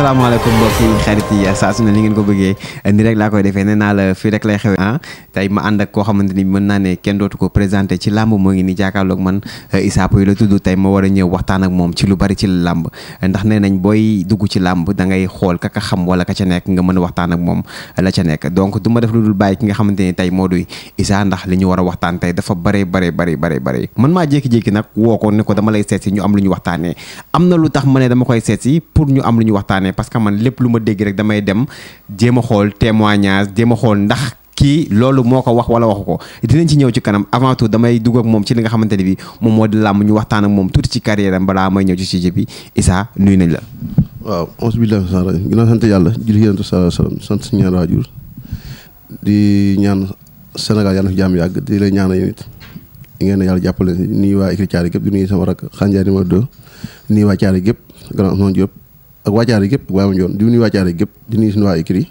asalaamaaleykum yi xarit yi saa su ne li ngeen ko bëggee eh, ni rek laa koy defee nee naa la e fii rek lay xew ah tey ma ànd ak koo xamante ni mën naa ne kenn dootu ko présenté ci làmb moo ngi ni jàkkaarloog man eh, Issa Pouye la tudd tey ma war a ñëw waxtaan ak moom ci lu bari ci làmb eh, ndax nee nañ booy dugg ci làmb da ngay xool ka ka xam wala ka ca nekk nga mën a waxtaan ak moom la ca nekk donc du ma def lu dul bàyyi ki nga xamante ni tey moo duy Issa ndax li ñu war a waxtaan tey dafa bare bare bare bare bare man maa jékki-jékki nag woo ko ne ko dama lay seet si ñu am lu ñu waxtaanee am na lu tax ma dama koy seet pour ñu am lu ñu waxtaanee ne parce que man lepp luma dégg rek damay dem jéem xol témoignage jéem xol ndax ki loolu moko wax wala waxuko dinañ ci ñew ci kanam avant tout damay dugg ak mom ci li nga xamanteni bi mom moo di làmb ñu waxtaan ak mom tout ci carrière am bala may ñew ci sujet bi isa nuy nañ la. waaw auzu bi mina shaytaani gina sante yalla jul julli yonent salam sante wa sallam di ñaan Sénégal yalla na yag di lay ñaan yéen it ngeen yalla yàlla ni wa ikri écrit gep gépp di nuyu sama rak xanjani ma do ni wa caari gep grand non jop ak waa Thiaré gépp di nuyu waa Thiaré gépp di nuyu suñu waa écrit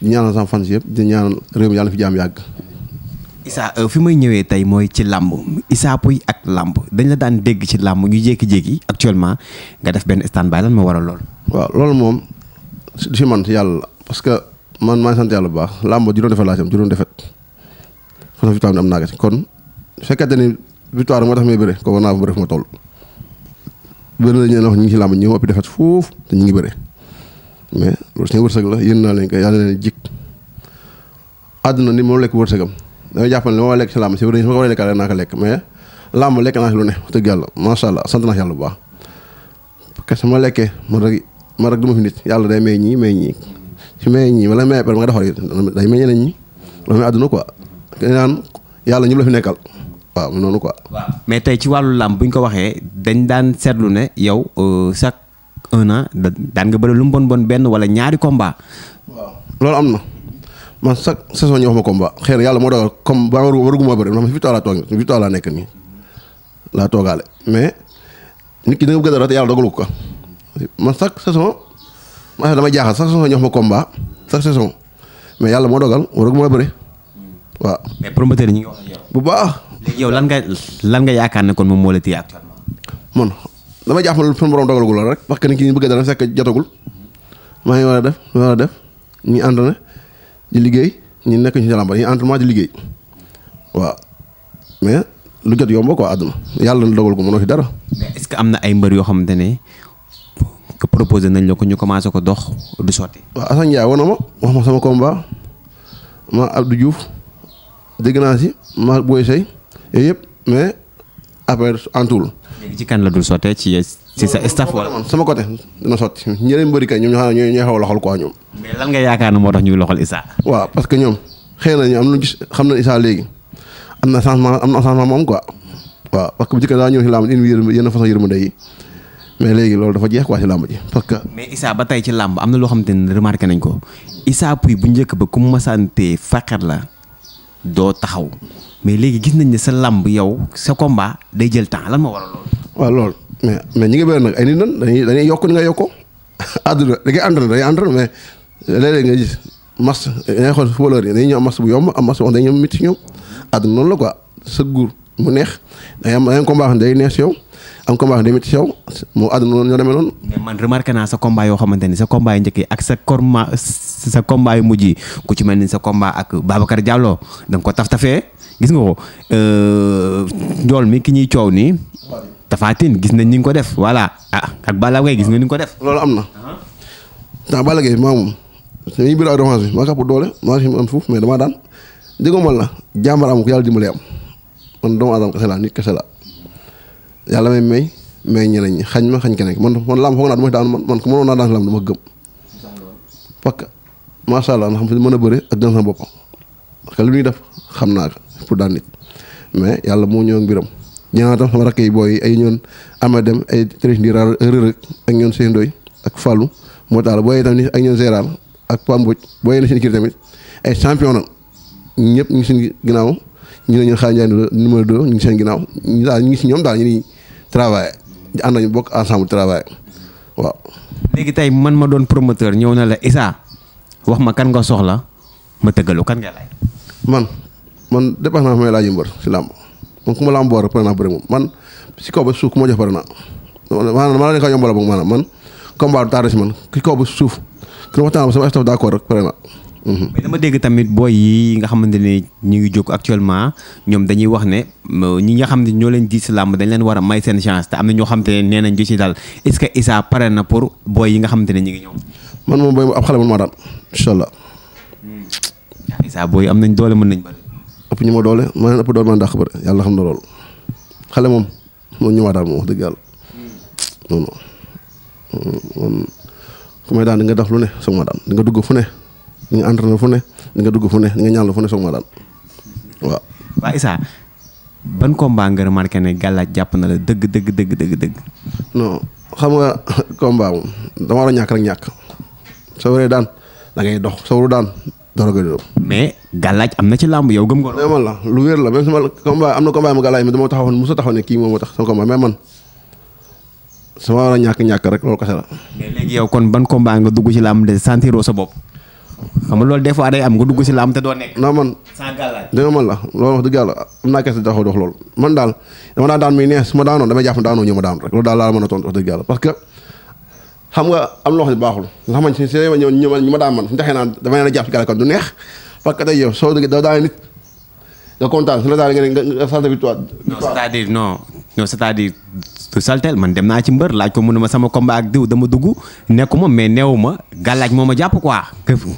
di ñaanal sama fans yëpp di ñaanal réew mi yàlla na fi jaam yàgg. Issa euh, fi may ñëwee tey mooy ci làmb Issa Pouye ak làmb dañ la daan dégg ci làmb ñu jékki-jékki actuellement nga def benn stand by lan waral lool. waaw loolu moom si man si yàlla parce que man maa ngi sant yàlla bu baax làmb juróom defet laa ci am juróom defet fan victoire am naa ko kon su fekkee ne victoire moo tax may bëre ko war naa fa bëre fu ma toll. bëri la ñu wax ñu ngi ci làmb ñu ëpp defet foofu te ñu ngi bëre mais loolu seen wërsëg la yéen naa leen ko yàlla leen jik àdduna ni moom lekk wërsëgam damay jàpp ne li ma lekk si làmb si lekk mais làmb lekk naa si lu yàlla macha allah sant naa si yàlla bu baax parce que ma lekkee man rek man rek du ma fi nit yàlla day may ñii may ñii si may ñii wala may pare ma nga defar yi day may ñeneen ñi loolu mooy àdduna quoi naan yàlla ñu la fi nekkal waaw mu noonu quoi. mais tey ci wàllu làmb bu ñu ko waxee dañ daan seetlu ne yow euh, chaque un da daan nga bëri lu mu bon bon benn wala ñaari combat waaw loolu am na man chaque saison ñu wax ma combat xëy na yàlla moo dogal comme ba waru waruguma bëri ndax victoire laa toog victoire laa nekk nii laa toogaale mais nit ki da nga bëgg dara te yàlla saison man dama jaaxal chaque saison ma combat chaque saison mais yàlla moo dogal waruguma bëri waaw. mais ñi ngi wax bu baax. yow lan nga lan yaakaar ne kon moom moo la téye actuellement. man dama jaaxal loolu suñu borom dogalagul la rek parce que nit ki ñu bëgg dara maa war a def maa a def ñu entraîné di liggéey ñu nekk ñu si làmb ñu di liggéey waaw mais lu jot yomb quoi àdduna yàlla na dogal ko mënoo si dara. mais ce que am na ay mbër yoo xamante ne que nañ la ko ñu commencé ko dox du sotti. waa Assane Ndiaye woon na ma wax ma sama combat ma Abdou Diouf dégg naa si ma Boy Sey. yooyu yëpp mais affaire en tout la. léegi ci kan la dul sottee ci ci sa staff wala. sama côté dina sotti ñeneen mbëri kay ñoom ñoo xam ne ñooy xaw a loxol quoi ñoom. mais lan nga moo tax ñuy loxol Issa. waaw parce que ñoom xëy na ñu am lu gis xam na Issa léegi am na changement am na changement moom quoi. waaw parce que bu njëkk daa mais léegi loolu dafa jeex quoi si làmb ji parce que. mais Issa ba tey ci làmb am na loo xamante ne remarqué nañ ko Issa Pouye bu njëkk ba ku mu masante faqat la doo taxaw mais léegi gis nañ ne sa làmb yow sa combat day jël temps lan moo waral loolu. waaw loolu mais mais ñi ngi bëri nag ay nit nan dañuy dañuy yokk ni nga yokkoo àdduna da ngay entraîné dañuy entraîné mais léeg-léeg nga gis mas dangay xool bu yomb am mas wax dañuy ñëw métti ñoom la quoi sa guur mu neex dangay am dangay combat day neex si yow. am combat day métti ci yow moo àdduna noonu ñoo demé non mais man remarqué na sa combat yo xamanteni sa combat yi njëkk ak sa korma sa combat yi mujjii ku ci melni sa combat ak babakar Diallo dang ko taf tafé gis nga ko euh ndol mi ki ñi ciow ni tafaatin gis nañ ni nga ko def voilà ah ak bala way gis nga ni nga ko def. lolu amna na. bala gay mom maa moom suñuy biir défense bi maa ko doole ma si am fuf mais dama daan déggoo la jàmbar am ko yàlla dimbalee am man doomu adam kessela nit kessela yàlla may may may ñeneen ñi xañ ma xañ keneen man man laam foog naa du ma daan man man mënoon naa daan laam dama gëm. parce que macha allah nga xam ne mën a bëre ak gën sa bopp parce muy def xam naa ko pour daan nit mais yàlla moo ñëw ak mbiram. ñaan tam booy ay ñoon Amadem ay Thérèse Ndira Rërëg ak ñoon Sèye Ndoye ak Fallou moo tax la booy tamit ak ñoon Géral ak Pambooj booy na seen kii tamit ay champion ñëpp ñu ngi seen ginnaaw ñu ne ñun xaar Ndiaye numéro 2 ñu ngi seen ginnaaw ñu daal ñu ngi si ñoom travail ànd bok asam ensemble travail waaw. léegi tey man ma doon promoteur ñëw na la Issa wax ma kan nga soxla ma tëggalu kan nga man man depan naa fi may laaj mbër si làmb man kuma ma làmb boor man si kaw ba suuf ku ma jox pare naa maanaam maa leen ko yombal man combat du taar si man ki kaw ba suuf ki ma sama d'accord Mm-hmm. mais dama dégg tamit booy yi nga xamante ni ñu ngi jóg actuellement ñoom dañuy wax ne ñi nga xam ne ñoo leen di si làmb dañ leen war a may seen chance te am na ñoo xamante ne nee nañ di ci daal est-ce que Issa pare na pour booy yi nga xamante ne ñu ngi ñëw. man moom booy ab xale man maa daan incha allah. Hmm. Issa booy yi am nañ doole mën nañ bëri. ëpp ñu ma doole ma leen ëpp doole man dàq bëri yàlla xam na loolu xale moom moom ñu ma daan moom wax dëgg yàlla hmm. non hmm, daan nga def lu ne sama daan di nga dugg fu ne di nga entraîner fu ne nga dugg fu ne nga ñaan fu ne sok ma dal waaw wa isa ban combat nga remarqué ne gàllaaj japp na la deug deug deug deug deug non xam nga combat dama war ñak rek ñak sa waree daan da ngay dox sa waru daan dara gënu mais galaaj am na ci lamb yow gëm ko mais la lu wër la même sama combat amna combat ma galaaj mais dama taxawon musa taxaw ne kii moom tax sama combat mais man sama war ñak ñak rek lolu kassa la mais légui yow kon ban combat nga dugg ci lamb de sentiroo sa bop xam nga loolu des fois day am nga dugg si la am te doo nekk. non man sans man la loolu wax dëgg am naa kese dox loolu man daal dama daan daan muy neex su ma damay jàpp ne a tontu wax dëgg yàlla parce que xam nga am na loo xam ne baaxul nga xam ni si ñu ma kon du neex parce que soo dëgg da daan nit nga kontaan su la daal nga nga sant victoire. su saltel man dem naa ci mbër laaj ko mu ma sama combat ak diw dama dugg nekkuma mais neewu ma gàllaaj moo ma jàpp quoi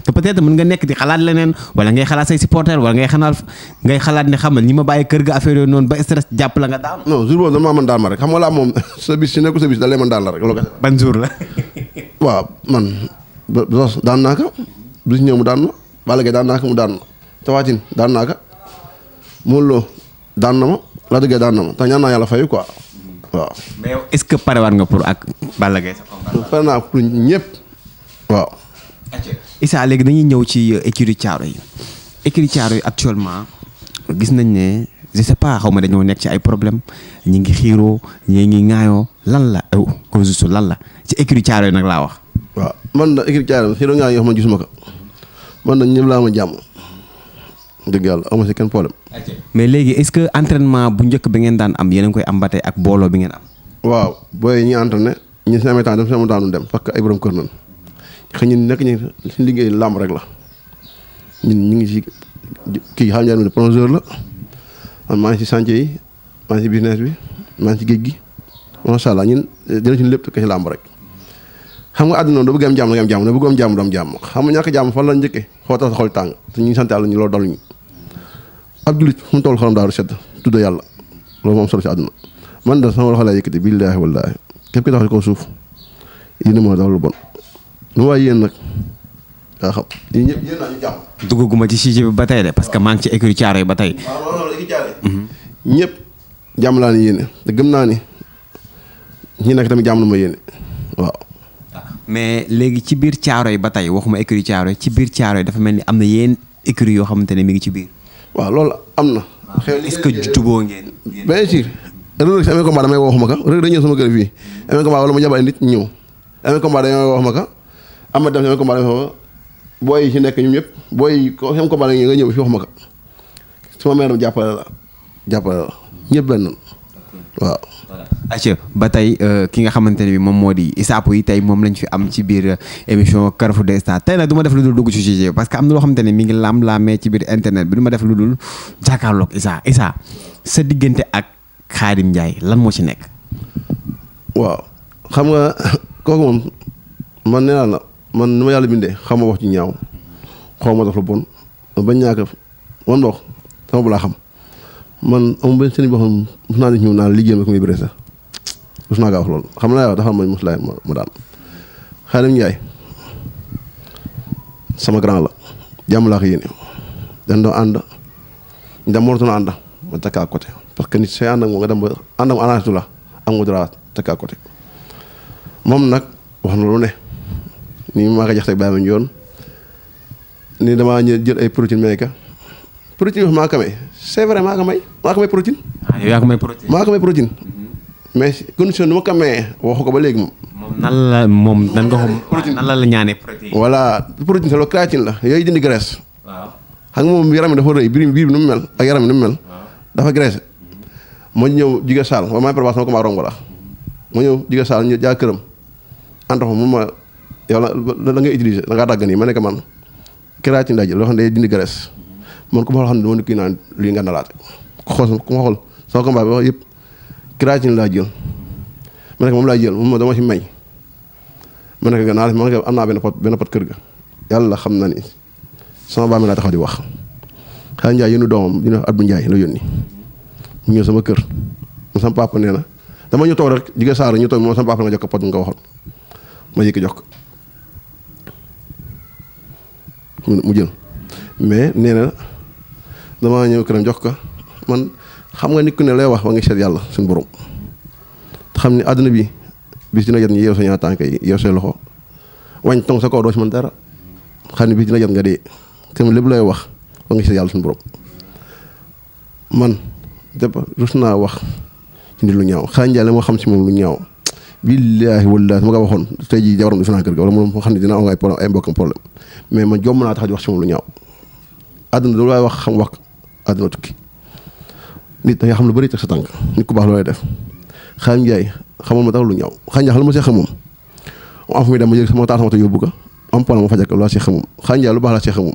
te peut-être nga nekk di xalaat leneen wala ngay xalaat say supporter wala ngay xanaal ngay xalaat ne xam na ñi ma bàyyi kër ga affaire yooyu noonu ba stress jàpp la nga daan. non jour ma rek xam nga laa moom sa bis si nekku sa bis da daan la rek. ban la. waaw man Zos daan naa ko bis ñëw mu daan ma Balla Gaye daan naa ko mu daan ma Tawatin daan Lo daan na ma Lac daan na ma te ñaan quoi waaw. mais est ce que parewaat nga pour ak Balla Gaye sa combat. pare naa pour ñëpp. waaw. Issa léegi dañuy ñëw ci euh, écurie Thiaroye yi écurie yi actuellement gis nañ ne je sais pas xaw ma dañoo nekk ci ay problème ñi ngi xiiroo ñi ngi ŋaayoo lan la aw cause su lan la ci écurie yi nag laa wax. waaw man na écurie Thiaroye xiiroo ŋaayoo yoo xam ne gisuma ko man nag ñëpp laa ma jàmm. dëgg yàlla amu si kenn problème. mais léegi est-ce que entraînement bu njëkk bi ngeen daan am yéen a ngi koy am ba tey ak booloo bi ngeen am. waaw booy ñi entraîné ñu si amee temps dem si dem parce que ay borom kër nañ xëy na ñu suñu liggéey làmb rek la ñun ñu ngi si kii xam nga ne plongeur la man maa ngi si chantier yi maa ngi si business bi maa ngi si géej gi macha allah ñun dinañ si lépp kese làmb rek. xam nga aduna do bëggam jamm gam jamm do bëgg jamm do jamm xam nga ñaka jamm fa la ñëkke xota xol tang ñu sant yalla ñu lo dal ñu abdulit mu tol xolam daaru sedd tuddu yalla lo mom solo ci aduna man da sama xala yëkëti billahi wallahi kep ki tax ko suuf yi yene mo dal lu bon nu way yeen nak da xam yi ñepp yeen nañu jamm duguguma ci ci bi batay de parce que ma ngi ci écurie ciaré batay ñep jamm la ni yene te gëm na ni ñi nak tamit jamm lu ma yeen waaw mais léegi ci biir caaro yi ba tey waxuma écurie caaro yi ci biir caaro yi dafa mel ni am na yenn écurie yoo xamante ne mi ngi ci biir. waaw loolu am na. est-ce que juboo ngeen. bien sûr. rëdd rek si amee combat damay waxuma sama kër fii. amee combat wala ma nit ñëw. amee combat damay ka am na ci nekk ñun ñëpp booy yi ko sama combat da nga ñëw fi waxuma ka sama waaw. voilà ba tey euh, ki nga xamante ne bi moom moo di isaapu yi tey moom lañ fi am ci biir euh, émission Carrefour de Stars tey nag du ma def lu dul dugg ci sujet que am na ne mi ngi lam-laamee ci biir internet lu dul jàkkaarloog Issa Issa sa diggante ak Khadim Ndiaye lan moo ci nekk. waaw xam nga kooku moom man nee naa la man ni ma yàlla bindee xaw ma wax ci ñaaw xaw ma def lu bon bañ ñàkk man ndox sama bu xam. man am um ben sëriñ boo xam mos naa naan naa liggéey ma ko muy bëré mos naa gaa wax lool xam naa yow dafa ma mos laay ma daan xaalim sama grand la jàmm la xiyene dañ do and ndam mortu na ànd ma takka côté parce que nit sey and ak moom nga dem ba ànd ak mu la am nga dara takka côté mom nak wax na lu ne ni ma ko jax tak bàyyi ñoon ni ni ñëw jël ay protein meeka protein wax ma kamé c'est vrai ma ko may maa ko may protéine. ah yow yaa ko may protéine. maa ko may protéine. Mm-hmm. mais condition nu ma ko mayee waxu ko ba léegi mom nan la mom nan nga xom protéine nan la la ñane protéine. voilà protéine c'est créatine la yoy dindi graisse. waaw ak mom yaram dafa reuy birim birim num mel ak yaram num mel. dafa graisse. mo ñew diga sal ma may probation ko ma romb la. mo mm-hmm. ñew diga sal ñu ja kërëm entre mo ma yow la nga utiliser da nga dag ni ma ne ko man créatine dajje lo loo day dindi graisse man ko ma xam dama ki nan li nga nalaate xool ku ma xool sama combat bi wax yëpp créatine la jël man ne mom la jël mom dama ci may man ne ko nga naa ma ne ko am naa pot ben pot kër ga yalla xam na ni sama baami la taxaw di wax xaa njaay yenu doomam dina abdou njaay la yoni ñu ñëw sama kër mo sama papa neena dama ñu tok rek jige saaru ñu tok mo sama papa nga jox pot nga waxoon ma yëkki jox mu jël mais nee dama ñew këram jox ko man xam nga nit ku ne lay wax wa nga seet yàlla suñu borom xam ni àdduna bi bis dina jot ñi yow sa ñaar tànk yi yow say loxo wañ tong sa ko doo ci man dara xam ni bis dina jot nga dee tam lépp lay wax wa nga seet yàlla suñu borom man dëpp rus naa wax ci nit lu ñaaw xaañ jaale moo xam si moom lu ñaaw billahi wallahi ma ko waxoon tey ji jabaram defe kër ga wala moom xam ni dina am ay problème ay mbokkam problème mais man jom naa tax di wax si moom lu ñaaw àdduna du lay wax xam wax adwatuk nit da nga xam lu bari ci sa tank nit ku bax loy def xam jay xamul ma tax lu ñaw xam jay xamul ma ci xamum am afu mi dem jël sama taata sama ta yobbu ko am pala ma fajal ko la ci xamum xam jay lu bax la ci xamum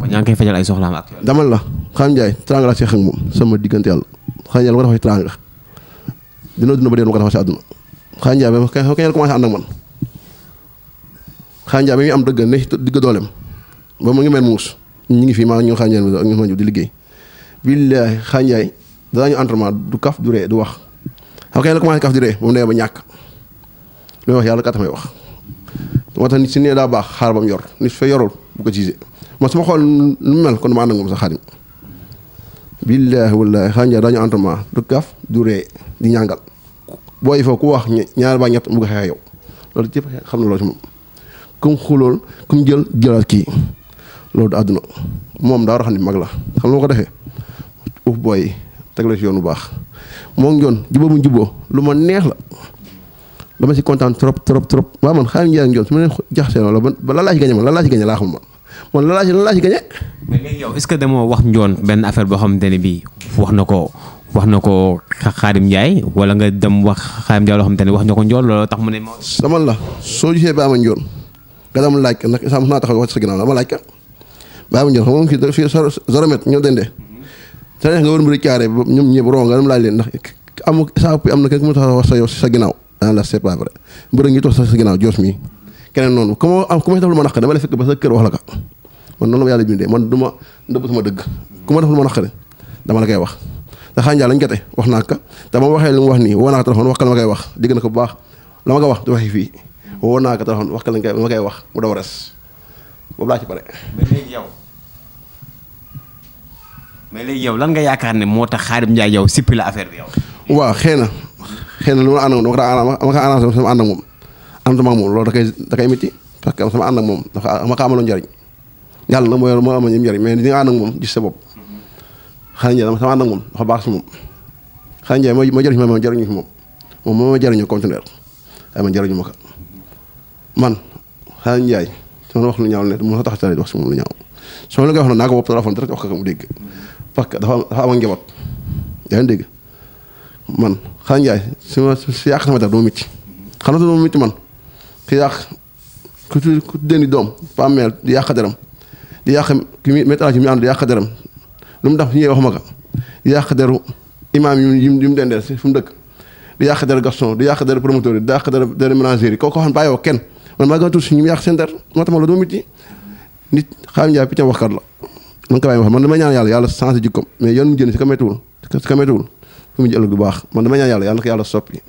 ko ñang kay fajal ay soxlam ak damal la xam jay trang la ci xamum sama digënté yalla xam jay lu ko dafa trang dina dina ba lu ko ci aduna xam jay ba kay kay ma and ak man xam jay mi am deug ne digg dolem ba mu ngi mel mus ñi ngi fi ma ñu xam jay ñu ma di liggey billaahi xanjaay danañu entraînement du kaf du ree du wax xam nga di ree moom nee ba ñàkk wax yàlla katamay wax moo tax nit si nee baax xaar ba mu yor nit fa yorul bu ko gisee man su ma xool ma ànd ak moom sax xarim billaahi wallaahi du kaf du ree di ñàngal booy foofu ku wax ñaar ba ñett mu nga xeex yow loolu yëpp xam na loolu ci moom ku xulool ku jël jëlaat kii loolu du àdduna moom daa war a xam ne mag la xam nga ko defee. uuf booy yi teg la ci yoon bu baax moo njoon jubóo mu jubóo lu ma neex la dama si kontaan trop trop trop waaw man xaaral njaay ak njoon su ma leen jaxasee wala ba lan laa ci gañe man lan laa ci gañe laa xam man man lan laa ci lan laa ci gañe mais léegi yow est-ce que demoo wax njoon benn affaire boo xamante ne bii wax na ko wax na ko Xaadim Njaay wala nga dem wax Xaadim Njaay loo xamante ne wax na ko njoon looloo tax mu ne ma. sama la soo gisee ba ama njoon nga dem laaj ko nag sax mos naa taxaw wax sa ginnaaw dama laaj ko ba ama njoon xam nga moom fii zéro mètre ñoo dende c'est-à-dire nga war mbiri caare ñoom ñëpp ron nga dem laaj leen ndax amu saa am na kenn ku mu sa yow sa la c'est pas vrai mbir ngi toog sa ginnaaw joos mi keneen noonu ku ma am ku ma def lu ma naqare dama la ko man noonu la ma yàlla ma def lu ma naqare dama la koy wax te xanjaa lañ jote wax naa ka te ba ma waxee li mu wax nii woo naa ko téléphone wax ka la ma koy wax dégg na ko baax la ma ko wax du waxi fii woo naa ko téléphone wax ka la ma kay wax mu daw res boobu laa ci pare. mais léegi yow. mais léegi yow lan nga yaakaar ne moo tax Khadim Ndiaye yow sipil la affaire bi yow. waaw xëy na xëy na lu ma àndoon dama ko daa ànd sama ànd ak moom ànduma ak moom da koy da koy métti parce que sama ànd ak moom dafa ma ko amaloon njariñ yàlla nag mooy moo amoon ñoom njariñ mais li nga ànd gis sa bopp Khadim Ndiaye sama ànd ak moom dafa baax si moom Khadim Ndiaye mooy ma jëriñ ma jëriñu si moom moom moo conteneur ay ma man Khadim Ndiaye su ma wax lu ñaaw ne moo tax tax wax si moom lu ñaaw su ma la wax na naa ko bopp téléphone wax ko mu parce que dafa dafa am ak njaboot yaa ngi dégg man xanaa Ndiaye su ma si yàq sama def dama micc xam nga dama micc man ki yàq doom ba di yàq deram di yàq ki muy météo yàq deram lu mu def ñëwee wax ma ko di yàq deru imaam yu yu yu mu dendee fu mu dëkk di yàq deru gaston di yàq deru promoteur yi di yàq deru deru ménager yi kooku xam bàyyi kenn man maa ngi doon tuuti si ñu yàq seen der moo tax ma la dama micc nit xanaa Ndiaye picc waxkat la. man kay wax man dama ñaan yalla yalla sans jikko mais yoon mu jënd ci ko ci si fu mu jël lu baax man dama ñaan yalla yalla ko yalla soppi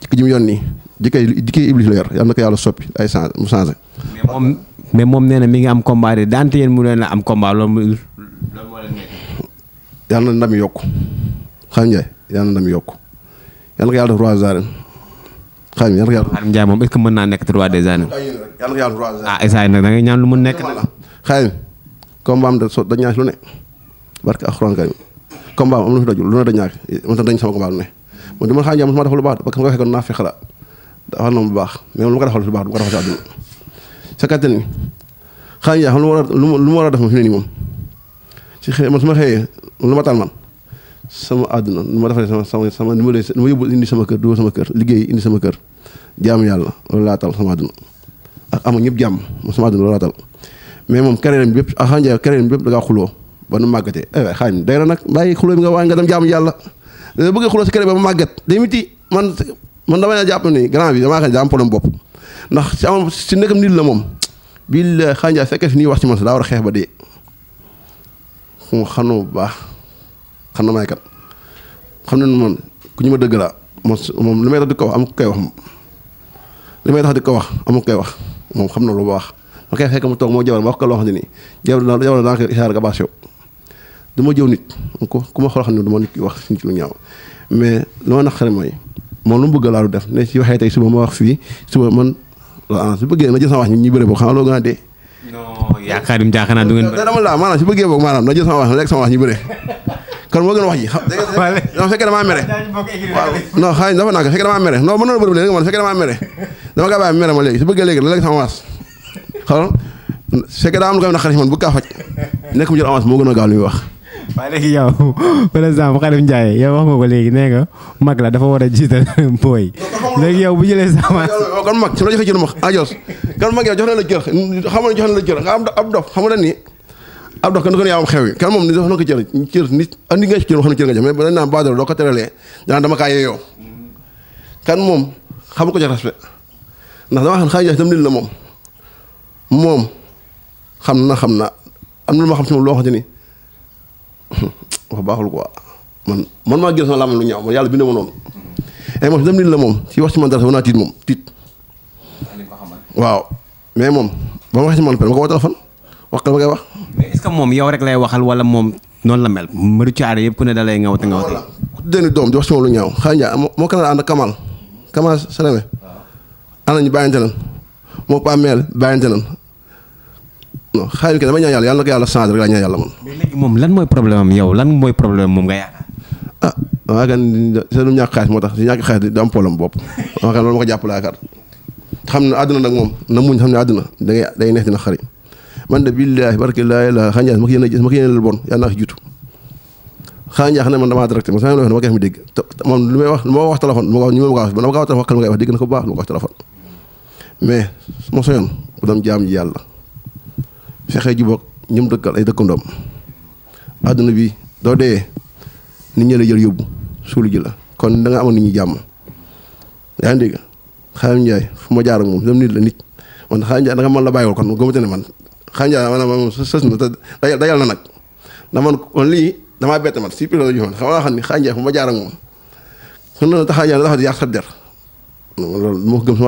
ci ji mu yonni jikko jikko iblis la yar yalla ko yalla soppi ay sans mu changé mais mom mais mom neena mi ngi am combat de dante yeen mu leen am combat loolu loolu moo leen nekk yàlla ndam yok xam nga yalla ndam yok yalla ko yalla def roi des arènes xam nga yàlla ko yàlla Ndiaye est ce que meuna naa nekk roi des années yàlla ko yàlla roi ah isaay nak da ngay ñaan lu mu nekk xam nga combat am de so dañ ñaari lu ne barke alxuraan karim combat am am na lu ne dañ ñaari man tam dañ sama combat lu ne man di ma xaar jàmm ma defal lu baax parce que ma ko fekkoon na lu baax mais lu ma ko defal lu baax du ma ko defal si àdduna sa kàttan ni xaar lu war lu ma war a def ma fi ne moom ci xëy su ma xëyee lu ma taal man sama àdduna lu ma defalee sama sama sama lu ma lu indi sama kër dugal sama kër liggéey indi sama kër jaamu yàlla loolu laa tal sama àdduna ak am ñëpp jàmm sama àdduna loolu laa tal mais moom carrière bi yëpp Alioune Ndiaye carrière bi yëpp da ngaa xuloo ba nu màggatee na eh, nag bàyyi xuloo bi nga waaye nga dem jaamu yàlla da bëgg xuloo si carrière man man dama ne jàpp ni grand bi damaa xam ne daa am ndax si amoon si nekkam la moom bii la Alioune Ndiaye fekkee wax ci man sax daa ba dee mu bu baax xam na may kat xam nañu ma dëgg laa moom li may tax di ko wax amu ko koy wax li may tax di ko wax amu ko koy wax moom xam na lu baax. ma koy fekk mu toog moo jabar ma wax ko loo xam ne nii jabar naa jabar naa ko isaar nga baas yow du ma jëw nit ko ku ma xool xam ne du ma nit ki wax si nit lu ñaaw mais li ma naqare mooy moom lu mu bëgg laa du def ne si waxee tey suba ma wax fii suba man la ah su bëggee ma jël sama wax ñu bëri boobu xam nga loo gën a dee. non yaakaar naa jaaxal naa du ngeen. dama la maanaam su bëggee boog maanaam na jël sama wax rek sama wax ñu bëri kon moo gën a wax ji xam non fekkee damaa mere waaw non xaalis dafa naa ko fekkee damaa mere non mën na bëri léegi man fekkee damaa mere dama gaa bàyyi mere ma léegi su bëggee léegi la léegi sama waas xool su fekkee daa am lu koy bu kaa faj nekk mu moo gën a gaaw li muy wax. waaye léegi yow par exemple Khadim wax nga ko léegi nee nga mag la dafa war a jiital booy léegi bu jëlee sa avance. kon mag su la joxee jël mag ah jox kan mag yow jox na la jël xam nga jox na la jël nga am ab dof xam nga ni ab dof kan du ko yaa am xew yi kan moom ni dafa na ko jël jël nit andi nga ci jël wax na jël nga jël ko teralee danaan dama kaa yeeyoo kan moom xam ko jox respect ndax dama xam Khadim tam nit la moom mom xamna xamna am na ma xam ci moom loo xamante ni wa baaxul quoi man man ma gis na lam lu ñaw man yalla bind ma non ay mom si ni la mom ci wax ci man dara wanaa tit mom tit waaw mais mom ba wax ci man ko woo téléphone wax ko ngay wax mais est-ce que mom yow rek lay waxal wala mom non la mel mbëru caare yëpp ku ne da lay ngawte ngawte deni dom di wax ci moom lu ñaw xëy mo moo kan and kamal kamal sa demee ana ñu bàyyante nan pa mel bàyyante nan non xaayul ke dama ñaan yalla yàlla ko yàlla change rek la ñaan yalla mom legi mom lan moy problème am yow lan moy problème mom nga yaaka ah maa kan sa ñu ñak xaalis motax ñak si di am problème bop maa kan loolu ma ko jàpp laa yaakaar xam ne àdduna nag na muñ xamna aduna da ngay day neex dina xari man de billahi barke la ilaa xanya ma ko yéen a gis ma ko yéen bon yàlla naa jitu xanya xana man dama direct ma sama lay wax ma ko mi deg mom lu may wax mo wax telephone mo wax ñu ma ko wax ma ko wax téléphone ma ko wax deg na ko baax ma wax telephone mais mo soñoon dam jam yalla fexe jubóog ñoom dëkkal ay dëkkandoom àdduna bi doo dee nit ñi la jël yóbbu suulu ji la kon danga nga amoon nit jàmm yaa ngi dégg Xaadim Njaay jaar moom dem la nit man Xaadim Njaay da nga mën la bàyyiwul kon gëmate ne man Xaadim Njaay maanaam moom sës na te dayal na da man kon lii damaa bett man si pilo la ju fu ma jaar ak moom su na taxaa yàq sa der loolu moo ko fu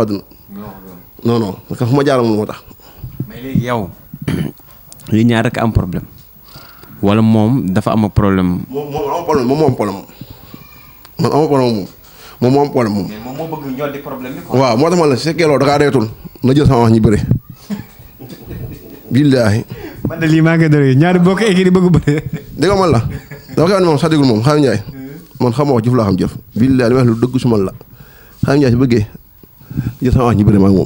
ma jaar ak moom moo tax yow yi am problème moom dafa am problème. problème moom moo moom am problème moom waaw moo tax ma la su fekkee loolu da kaa reetul na jël sama wax ñu billaahi. man de lii maa ngi koy ñaari bokk équipe yi bëgg bëri. dégg man la dama koy wax ne moom sax moom Xaadim Njaay man xam ma wax laa xam jëf. billaahi li ma wax lu dëgg su man la Xaadim Njaay si bëggee jël sama wax ñu bëri ma ak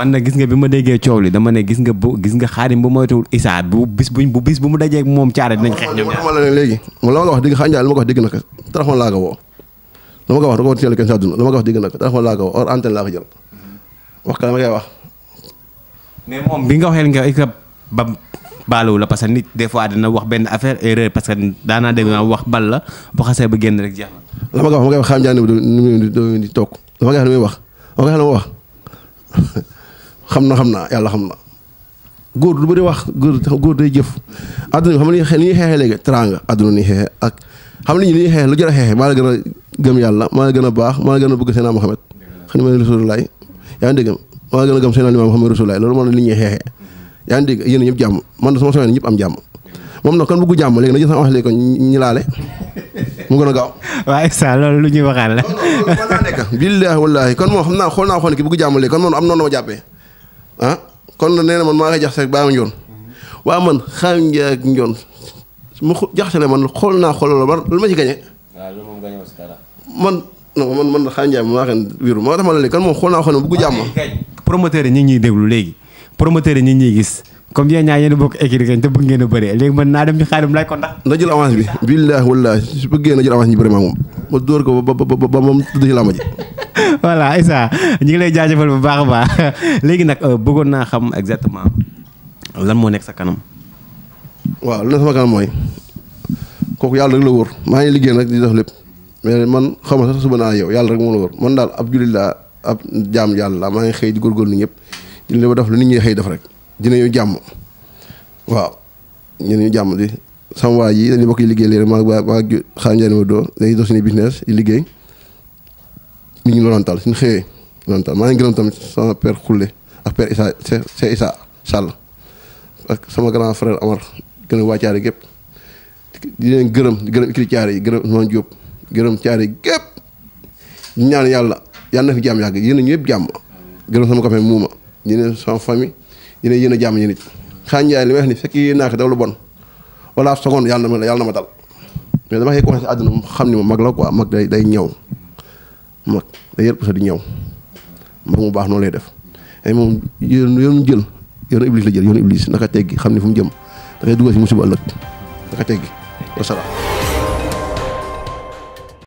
man na gis nga bi ma déggee coow li dama ne gis nga bu gis nga xaadim bu moytuwul Issa bu bis buñ bu bis bu mu dajee moom caare dinañ xeex ñoom ñaar la léegi mu la ma la wax dégg xaadim lu ma ko wax dégg na ko téléphone laa ko woo lu ma ko wax da ko teel kenn sa dund lu ma ko wax dégg na ko téléphone laa ko woo antenne laa ko jël wax ka ma koy wax mais moom bi nga waxee nga ba baalu la parce que nit des fois dina wax benn affaire erreur parce que daanaa dégg naa wax bal la bu xasee ba génn rek jeex na la ma ko wax ma koy wax xaadim ni mu di toog dama koy wax li muy wax ma koy wax li wax xam na xam naa yàlla xam na góor lu bëri wax góor góor day jëf àdduna bi xam nga li ñuy xeexee léegi teraanga àdduna ñuy xeexee ak xam nañu li ñuy xeexee lu jar xeexee gën a gëm maa la gën a baax maa gën a bëgg Seydina Muhammad xam ne Rasulullaay yaa ngi dégg maa la gën a gëm Seydina Muhammad Rasulullaay loolu moo li ñuy xeexee yaa ngi dégg yéen ñëpp jàmm man sama ñëpp am jàmm moom nag kon bëggu jàmm na jël sama wax léegi ko ñi laale mu gën a gaaw waaye sa loolu lu ñuy waxaat la billaahi wallaahi kon moom xam naa xool naa xool ne ki bëggu jàmm léegi kon moom am noonu ma jàppee ah kon nee na man maa koy jaxase ak baa ma njoon waaw man xaam njaay ak njoon mu jaxasale man xool naa xoolal man lu ma ci gañe man non man man xaam njaay maa kan wiru moo tax ma la léegi kan moom xool naa xool ne bugg jàmm promoteur yi ñu ngi ñuy déglu léegi promoteur yi ñu ñuy gis comme yéen ñaa yéen bokk écrit kañ te bëgg ngeen a bëree léegi man naa dem ci xaadim laaj ko ndax na jël avance bi billaahi wallaahi su bëggee na jël avance ñu bëri maa moom ma dóor ko ba ba ba moom tudd ci làmb ji voilà Issa ñu ngi lay jaajëfal bu baax baax léegi nag euh, bëggoon naa xam exactement lan moo nekk sa kanam. waaw li nekk sama kanam mooy kooku yàlla rek la wóor maa ngi liggéey rek di def lépp mais man xaw ma sax suba naa yow yàlla rek moo la wóor man daal ab jullit laa ab jaam yàlla laa maa ngi xëy di góorgóorlu ñëpp di leen def lu nit ñi xëy def rek dinañu jàmm waaw dinañu jàmm di sama waa yi dañu bokk yi liggéey léegi maa maa xaar njëriñ ma doo dañuy dox suñu business di liggéey. ñu ngi loolontal suñu xëyee loolontal maa ngi gërëm tamit sama père Khoule ak père Issa Cheikh Issa ak sama grand frère Amar gën a waa gépp di leen gërëm di gërëm ikri Thiaré yi gërëm Ousmane Diop gërëm Thiaré gépp di ñaan yàlla yàlla na fi jàmm yàgg yéen a ñëpp jàmm gërëm sama copain muuma ñeneen sama famille ñeneen yéen a jàmm yéen it yaay li ni fekk yéen naa ko daw lu bon wala seconde yàlla na ma yàlla ma dal mais dama koy commencé àdduna xam ni ma mag la quoi mag day day ñëw mag day yar puso di ñëw mag mu baax noonu lay def ay moom yoonu jël yoonu iblis la jël yoonu iblis naka teggi xam ne fu mu jëm da koy dugal si musiba ëllëg naka teggi wasalaam